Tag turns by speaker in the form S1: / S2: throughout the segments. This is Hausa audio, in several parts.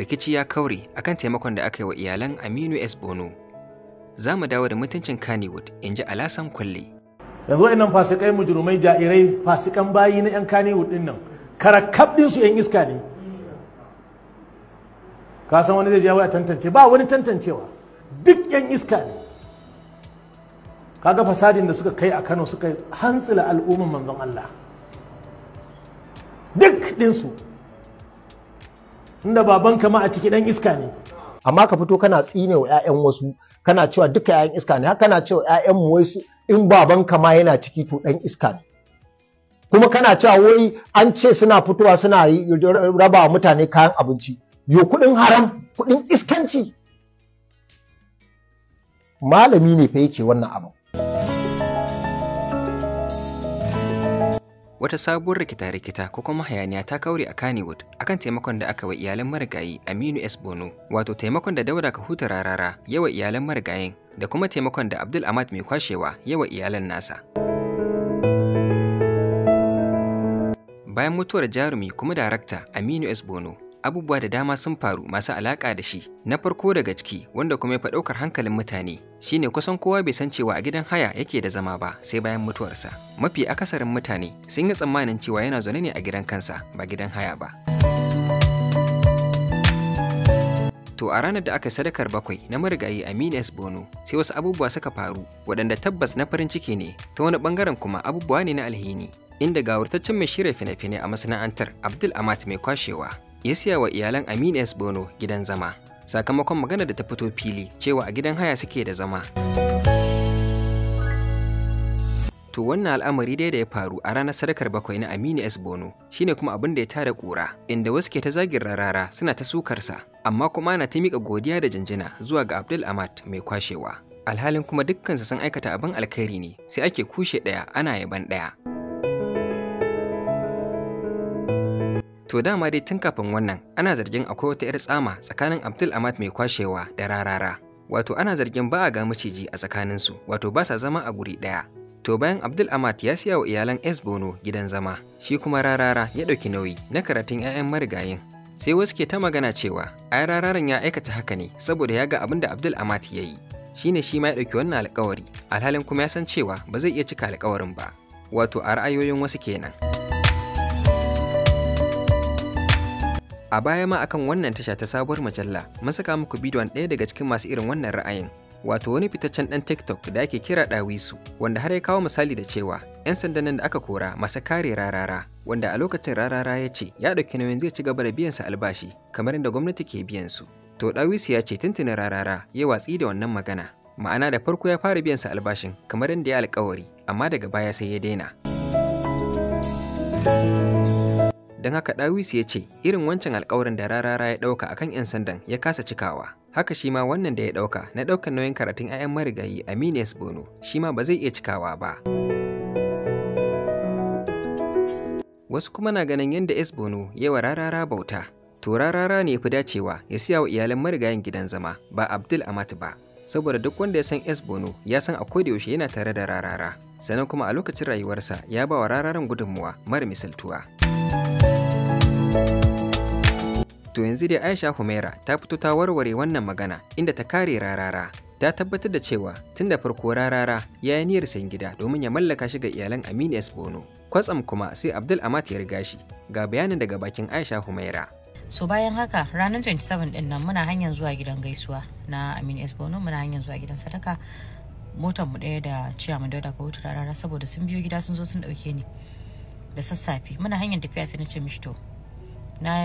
S1: rikici ya kaure akan taimakon da aka yi wa iyalan Aminu S. Bono. Za mu dawo da mutuncin Kannywood, in ji Alasan Kwalle. Yanzu nan fasikai mujurumai jairai fasikan bayi na 'yan Kannywood ɗin nan, karakab ɗinsu 'yan iska ne.
S2: Ka san wani zai je a tantance, ba wani tantancewa, duk 'yan iska ne. Kaga fasadin da suka kai a Kano suka hantsila al'umman manzon Allah. Duk ɗinsu. inda babanka ma a ciki dan iska ne amma ka fito kana tsine wa 'ya'yan wasu kana cewa duka 'ya'yan iska ne kana cewa 'ya'yan mu wasu in babanka ma yana ciki to ɗan iska ne kuma kana cewa wai an ce suna fitowa suna raba mutane kayan abinci yo kuɗin haram Kuɗin iskanci malami ne fa yake wannan abu
S1: wata sabuwar rikita-rikita ko kuma hayaniya ta kaure a Kannywood akan taimakon da aka wa iyalan marigayi Aminu S. Bono, wato taimakon da Dauda ka huta Rarara yawa iyalan marigayin da kuma taimakon da Abdul Ahmad mai kwashewa yawa iyalan nasa. Bayan mutuwar jarumi kuma darakta Aminu S. Bono, abubuwa da dama sun faru masu alaƙa da shi na farko daga ciki wanda kuma ya ɗaukar hankalin mutane shine kusan kowa bai san cewa a gidan haya yake da zama ba sai bayan mutuwarsa mafi akasarin mutane sun yi tsammanin cewa yana zaune ne a gidan kansa ba gidan haya ba to a ranar da aka sadakar bakwai na marigayi Aminu S. Bono sai wasu abubuwa suka faru waɗanda tabbas na farin ciki ne ta wani ɓangaren kuma abubuwa ne na alhini inda gawurtaccen mai shirya fina-finai a masana'antar Abdul Amat mai kwashewa ya siya wa iyalan Aminu S. Bono gidan zama sakamakon magana da ta fito fili cewa a gidan haya suke da zama. To wannan al'amari dai da ya faru a ranar sadakar bakwai na Aminu S. Bono shine kuma abin da ya tara kura inda wasu ke ta zagin rarara suna ta sukarsa amma kuma ana ta miƙa godiya da jinjina zuwa ga Abdul Ahmad mai kwashewa. Alhalin kuma dukkansu sun aikata abin alkhairi ne sai ake kushe ɗaya ana yaban ɗaya. To dama dai tun kafin wannan ana zargin akwai wata 'yar tsama tsakanin Abdul Amad mai kwashewa da rarara. Wato ana zargin ba a ga maciji a tsakaninsu, wato ba sa zama a guri ɗaya. To bayan Abdul Amad ya siya wa iyalan S Bono gidan zama, shi kuma rarara ya ɗauki nauyi na karatun 'ya'yan marigayin. Sai wasu ke ta magana cewa ai rararan ya aikata haka ne saboda ya ga abin da Abdul Amad ya yi. Shi shi ma ya ɗauki wannan alkawari, alhalin kuma ya san cewa ba zai iya cika alkawarin ba. Wato a ra'ayoyin wasu kenan. A baya ma akan wannan tasha ta sabuwar Majalla, mun saka muku bidiyon ɗaya daga cikin masu irin wannan ra'ayin. Wato wani fitaccen ɗan TikTok da ake kira ɗawisu wanda har ya kawo misali da cewa 'yan sandan nan da aka kora masa kare rarara, wanda a lokacin rarara ya ce ya ɗauki nauyin zai ci gaba da biyan sa albashi kamar yadda gwamnati ke biyan su. To ɗawisu ya ce tuntuna rarara ya watsi da wannan magana. Ma'ana da farko ya fara biyan su albashin kamar yadda ya alƙawari amma daga baya sai ya daina. don haka Dawisu ya ce irin wancan alkawarin da rarara ya ɗauka akan 'yan sandan ya kasa cikawa haka shi ma wannan da ya ɗauka na ɗaukar nauyin karatun 'ya'yan marigayi s bono shi ma ba zai iya cikawa ba wasu kuma na ganin yadda s bono wa rarara bauta to rarara ne fi dacewa ya siya wa iyalan marigayin gidan zama ba abdul amat ba saboda duk wanda ya san s bono ya san a yaushe yana tare da rarara sannan kuma a lokacin rayuwarsa ya ba wa rararan gudunmuwa mara misaltuwa To yanzu dai Aisha Humaira ta fito ta warware wannan magana inda ta kare rarara. Ta tabbatar da cewa tun da farko rarara ya yi niyyar sayan gida domin ya mallaka shi ga iyalan Aminu S. Bono. Kwatsam kuma sai Abdul Amat ya riga shi ga bayanin daga bakin Aisha Humaira.
S3: So bayan haka ranar 27 din nan muna hanyar zuwa gidan gaisuwa na Aminu S. Bono muna hanyar zuwa gidan sadaka motar mu ɗaya da ciyaman dauda ka wuta rarara saboda sun biyo gida sun zo sun ɗauke ni da sassafe muna hanyar tafiya sai na ce mishi to na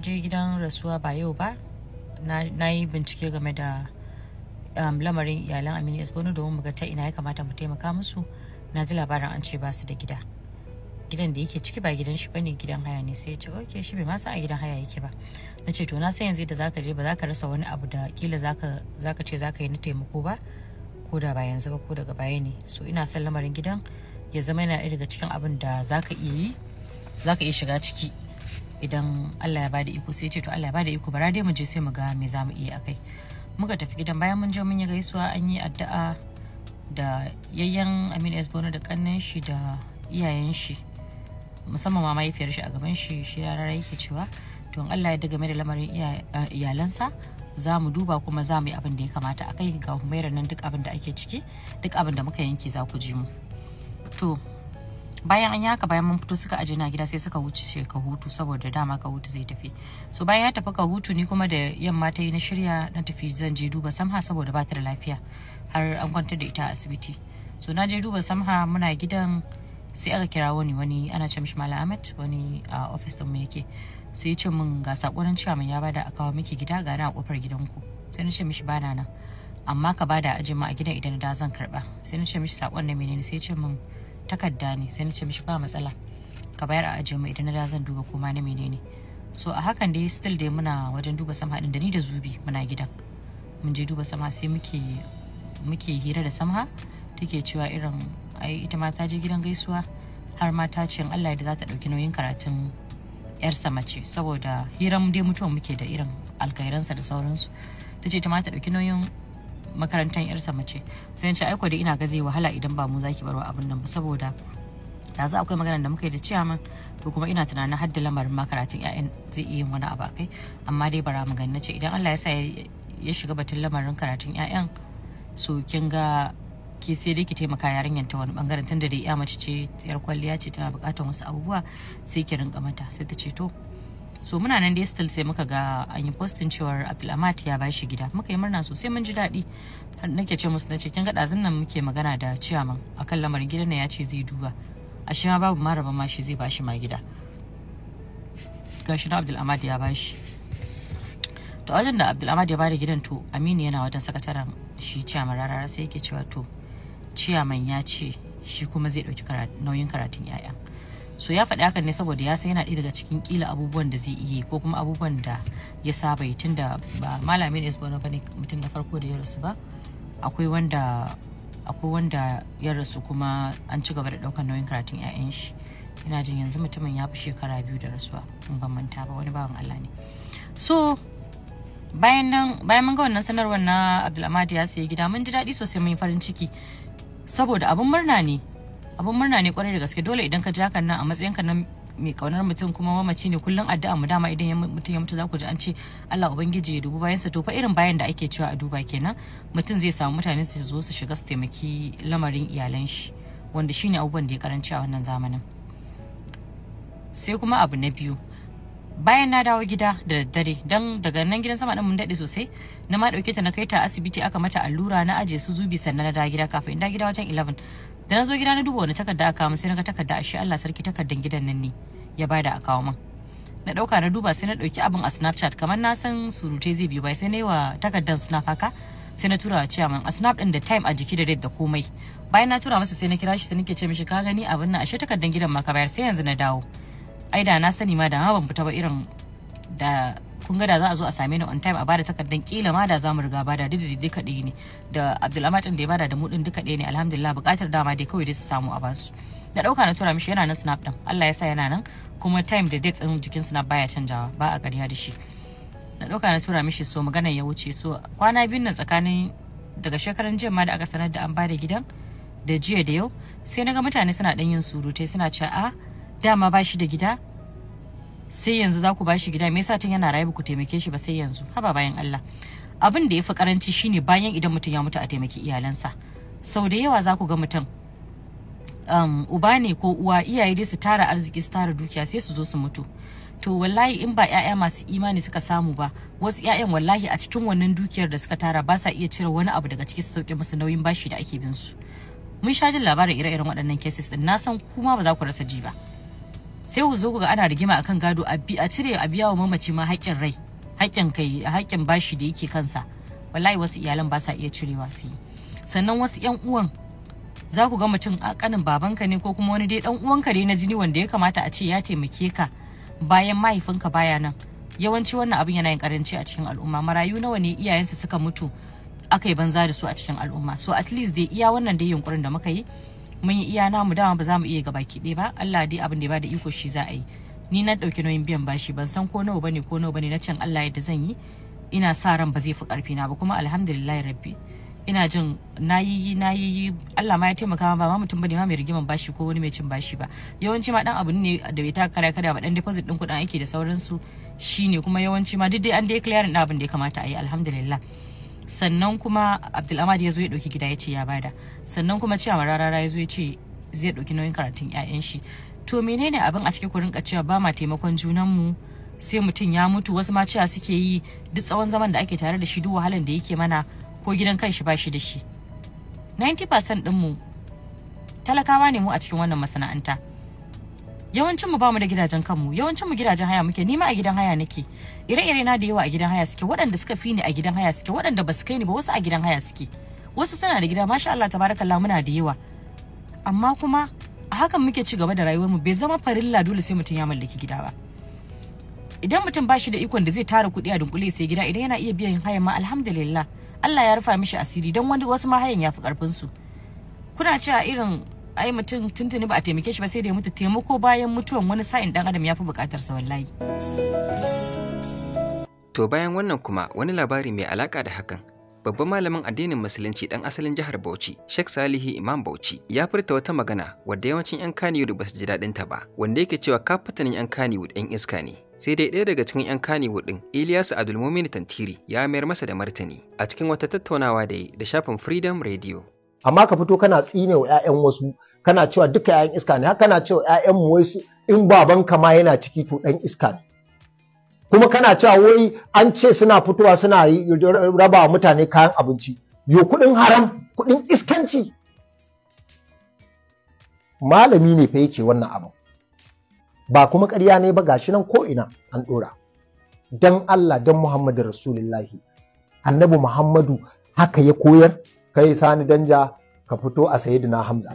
S3: je gidan rasuwa ba yau ba na yi bincike game da um, lamarin iyalan aminu esbono domin mu ga ta ina ya kamata mu taimaka musu na ji labarin an ce ba su da gida gidan da yake ciki ba gidan shi bane gidan haya ne sai ya ce okay shi bai ma san a gidan haya yake ba na ce to na san yanzu da zaka je ba zaka rasa wani abu da kila zaka zaka ce zaka yi na taimako ba ko da ba yanzu ba ko daga baya ne so ina son lamarin gidan ya zama yana daga cikin abin da zaka iya yi zaka iya shiga ciki idan Allah ya bada iko sai ce to Allah ya bada iko bara dai mu je sai mu ga me za mu iya akai muka tafi gidan bayan mun je mun yi gaisuwa an yi addu'a da yayyan Aminu S Bono da kannan shi da iyayen shi musamman ma mahaifiyar shi a gaban shi shi yake cewa to Allah ya daga da lamarin eh, iyalansa za mu duba kuma za mu yi abin da ya kamata akai ga humairar nan duk abin da ake ciki duk abin da muka yanke za ku ji mu to bayan an yaka bayan mun fito suka aje na gida sai suka wuce ka hutu saboda dama ka hutu zai tafi so bayan ya tafi ka hutu ni kuma da yamma ta yi na shirya na tafi zan je duba samha saboda ba ta da lafiya har an kwantar da ita a asibiti so na je duba samha muna gidan sai aka kira wani wani ana ce mishi malam ahmed wani a ofis din mu yake sai ya ce min ga sakonin cewa mun ya bada a kawo miki gida ga na kofar gidanku sai na ce mishi bana nan amma ka bada aje ma a gidan idan da zan karba sai na ce mishi sakon ne menene sai ya ce min takarda ne sai na ce mishi ba matsala ka bayar a ajiye mu idan na da zan duba koma na menene so a hakan dai still dai muna wajen duba sam'a din da ni da zubi muna gidan mun je duba sam'a sai muke muke hira da samha take cewa irin ai ita ma ta je gidan gaisuwa har ma ta ce Allah da za ta dauki nauyin karatun yar mace saboda hiran dai mutuwa muke da irin alkairansa da sauransu ta ce ita ma ta dauki nauyin makarantar yarsa mace sai ce aiko da ina ga zai wahala idan ba mu zaki barwa abin nan ba saboda yanzu akwai magana da muka yi da ciyaman to kuma ina tunanin har da lamarin ma karatun 'ya'yan zai iya yin wani abu kai amma dai bara mu gani nace idan Allah ya sa ya shiga batun lamarin karatun 'ya'yan so kin ga ki sai dai ki taimaka yarinyar ta wani bangaren tunda dai ya mace ce yar kwalliya ce tana bukatar wasu abubuwa sai ki rinka mata sai ta ce to so muna nan dai still sai muka ga an yi postin cewar abdulhamad ya bashi gida muka yi murna sosai mun ji daɗi nake ce musu nace kin ga ɗazun nan muke magana da ciyaman akan lamarin gidan ya ce zai duba a shi ma babu raba ma shi zai bashi ma gida gashi na abdulhamad ya bashi to wajen da abdulhamad ya bada gidan to aminu yana wajen sakataren shi ciyaman rarara sai yake cewa to ciyaman ya ce shi kuma zai ɗauki nauyin karatun 'ya'ya so ya faɗi hakan ne saboda ya san yana ɗaya daga cikin kila abubuwan da zai iya ko kuma abubuwan da ya saba yi tunda ba malamin esbona ba ne mutum na farko da ya rasu ba akwai wanda ya rasu kuma an ci gaba da ɗaukar nauyin karatun 'ya'yan shi ina jin yanzu mutumin ya fi shekara biyu da rasuwa in ban manta ba wani bawan Allah ne so bayan nan bayan mun ga wannan sanarwar na Abdulhamad ya sayi gida mun ji daɗi sosai mun yi farin ciki saboda abin murna ne abin murna ne kwarai da gaske dole idan ka ji hakan nan a ka na mai kaunar mutum kuma mamaci ne kullum addu'a mu dama idan mutum ya mutu za ku ji an ce Allah ubangiji ya dubi bayansa to fa irin bayan da ake cewa a duba kenan mutum zai samu mutane su zo su shiga su taimaki lamarin iyalan shi wanda shine abubuwan da ya karanci a wannan zamanin sai kuma abu na biyu bayan na dawo gida da daddare don daga nan gidan sama din mun daɗe sosai na ma ɗauke ta na kai ta asibiti aka mata allura na aje su zubi sannan na dawo gida kafin in dawo gida wajen 11 da na zo gida na duba wani takarda aka kawo sai na ga takarda a shi Allah sarki takardan gidan nan ne ya bada da kawo min na dauka na duba sai na ɗauki abin a snapchat kamar na san surute zai biyo bai sai na yi wa takardan snap haka sai na tura cewa min a snap din da time a jiki da date da komai bayan na tura masa sai na kira shi sai nake ce mishi ka gani abin nan ashe takardan gidan ma ka bayar sai yanzu na dawo ai da na sani ma da ma ban fita ba irin da kun ga da za a zo a same ni on time a bada takardar kila ma da za mu riga bada duk da duka ɗaya ne da Abdulamatin da ya bada da mu din duka ɗaya ne alhamdulillah buƙatar dama dai kawai dai su samu a basu na ɗauka na tura mishi yana nan snap din Allah ya sa yana nan kuma time da date din jikin snap baya canjawa ba a ƙarya da shi na ɗauka na tura mishi so maganar ya wuce so kwana biyun nan tsakanin daga shekaran jiya ma da aka sanar da an bada gidan da jiya da yau sai na ga mutane suna ɗan yin surutai suna cewa a ah, dama ba shi da gida sai yanzu za ku ba shi gida me yasa tun yana raye ba ku taimake shi ba sai yanzu haba bayan Allah abin da ya fi karanci shine bayan idan mutum ya mutu a taimaki iyalansa sau da yawa za ku ga mutum um, uba ne ko uwa iyaye dai su tara arziki su tara dukiya sai su zo su mutu to wallahi in ba 'ya'ya masu imani suka samu ba wasu 'ya'yan wallahi a cikin wannan dukiyar da suka tara ba sa iya cire wani abu daga ciki su sauke musu nauyin bashi da ake bin su mun sha jin labarin ire-iren waɗannan cases din na san kuma ba za ku rasa ji ba sai ku zo ku ga ana rigima akan gado a a cire a biya wa mamaci ma haƙƙin rai haƙƙin kai haƙƙin bashi da yake kansa wallahi wasu iyalan ba sa iya cirewa su yi sannan wasu yan uwan za ku ga mutum a kanin babanka ne ko kuma wani dai dan uwanka ne na jini wanda ya kamata a ce ya taimake ka bayan mahaifinka baya nan yawanci wannan abin yana yin karanci a cikin al'umma marayu nawa ne iyayensa suka mutu aka yi banza da su a cikin al'umma so at least dai iya wannan dai yunkurin da muka yi mun yi iya namu dama ba za mu iya gaba ɗaya ba Allah dai abin da ya bada iko shi za a yi ni na ɗauki nauyin biyan bashi ban san ko nawa bane ko nawa bane na can Allah yadda zan yi ina sa ran ba zai fi ƙarfi na ba kuma alhamdulillah rabbi ina jin nayi nayi Allah ma ya taimaka ba ma mutum bane ma mai rigiman bashi ko wani mai cin bashi ba yawanci ma dan abu ne da bai taka kare kada ba dan deposit din kuɗin aiki da sauransu shine kuma yawanci ma duk dai an dai clearing din abin da ya kamata a yi alhamdulillah sannan kuma abdulhamad ya zo ya ɗauki gida ya ce ya bada sannan kuma cewa rarara ya zo ya ce zai ɗauki nauyin karatun 'ya'yan shi to menene abin a cikin kurin ka cewa ba ma taimakon mu sai mutum ya mutu wasu ma cewa suke yi duk tsawon zaman da ake tare da shi duk wahalan da yake mana ko gidan kan shi ba shi da shi 90% ɗinmu talakawa ne mu a cikin wannan masana'anta yawancin mu mu da gidajen kanmu yawancin mu gidajen haya muke nima a gidan haya nake ire-ire na da yawa a gidan haya suke waɗanda suka fi ni a gidan haya suke waɗanda ba su kai ni ba wasu a gidan haya suke wasu suna da gida masha Allah tabarakallah muna da yawa amma kuma a hakan muke ci gaba da rayuwar mu bai zama farilla dole sai mutum ya mallaki gida ba idan mutum ba shi da ikon da zai tara kuɗi a dunkule sai gida idan yana iya biyan hayan ma alhamdulillah Allah ya rufa mishi asiri don wani wasu ma hayan ya fi karfin su kuna cewa irin ai mutum tuntuni ba a taimake shi ba sai da ya mutu taimako bayan mutuwan wani sa'in dan adam ya fi bukatar sa wallahi
S1: to bayan wannan kuma wani labari mai alaka da hakan babban malamin addinin musulunci dan asalin jihar Bauchi, Sheikh Salihi Imam Bauchi, ya furta wata magana wadda yawancin 'yan Kannywood basu ji daɗin ta ba, wanda yake cewa kafatanin 'yan Kannywood 'yan iska ne. Sai dai ɗaya daga cikin 'yan Kannywood din Ilyasu Abdulmumin Tantiri, ya mayar masa da martani a cikin wata tattaunawa da yi da shafin Freedom Radio.
S2: Amma ka fito kana tsine wa 'ya'yan wasu kana cewa duka 'ya'yan iska ne haka kana cewa 'ya'yan mu wai su in baban ka ma yana ciki to dan iska ne kuma kana cewa wai an ce suna fitowa suna raba mutane kayan abinci yo kudin haram kudin iskanci malami ne fa yake wannan abu ba kuma ƙarya ne ba gashi nan ko ina an ɗora dan Allah dan Muhammadu Rasulullahi annabi Muhammadu haka ya koyar kai sani danja ka fito a sayidina Hamza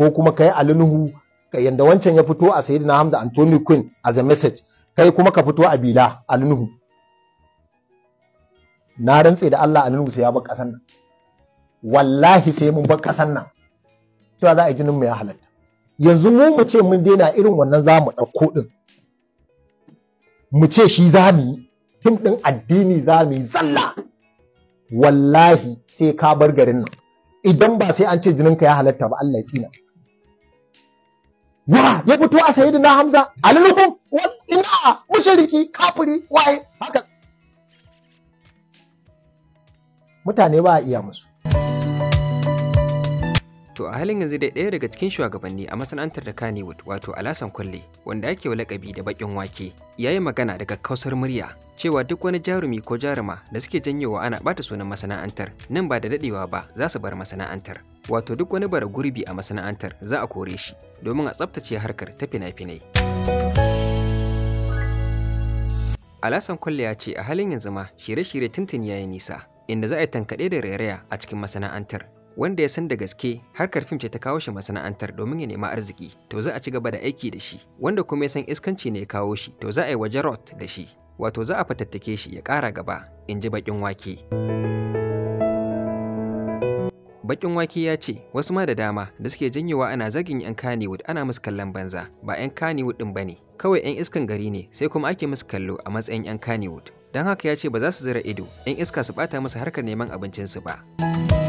S2: ko kuma kai alinuhu yanda wancan ya fito a sayidina hamza anthony queen as a message kai kuma ka fito a bila alinuhu na rantse da allah alinuhu sai ya bar kasan nan wallahi sai mun bar kasan nan cewa za a yi jinin mu ya halatta yanzu mu mu ce mun daina irin wannan za mu ɗauko ɗin mu ce shi za mu yi fim ɗin addini za mu yi zalla wallahi sai ka bar garin nan idan ba sai an ce jininka ya halatta ba Allah ya tsina wa ya fito a sayi na hamza alilukum ina mushiriki kafiri waye haka mutane ba a iya musu
S1: To a halin yanzu dai ɗaya daga cikin shugabanni a masana'antar da Kannywood wato Alasan Kwalle wanda ake wa lakabi da baƙin wake ya yi magana daga kausar murya cewa duk wani jarumi ko jaruma da suke janyowa ana bata sunan masana'antar nan ba da daɗewa ba za su bar masana'antar. Wato duk wani bara gurbi a masana'antar za a kore shi domin a tsaftace harkar ta fina-finai. Alasan Kwalle ya ce a halin yanzu ma shirye-shirye tuntun ya yi nisa inda za a yi tankaɗe da rairaya a cikin masana'antar wanda ya san da gaske harkar fim ce ta kawo shi masana'antar domin ya nemi arziki to za a ci gaba da aiki da shi wanda kuma ya san iskanci ne ya kawo shi to za a yi waje rot da shi wato za a fatattake shi ya kara gaba in ji baƙin wake baƙin wake ya ce wasu ma da dama da suke janyewa ana zagin 'yan kaniwood ana musu kallon banza ba 'yan kaniwood ɗin ba ne kawai 'yan iskan gari ne sai kuma ake musu kallo a matsayin 'yan kaniwood don haka ya ce ba za su zira ido 'yan iska su bata musu harkar neman abincinsu ba.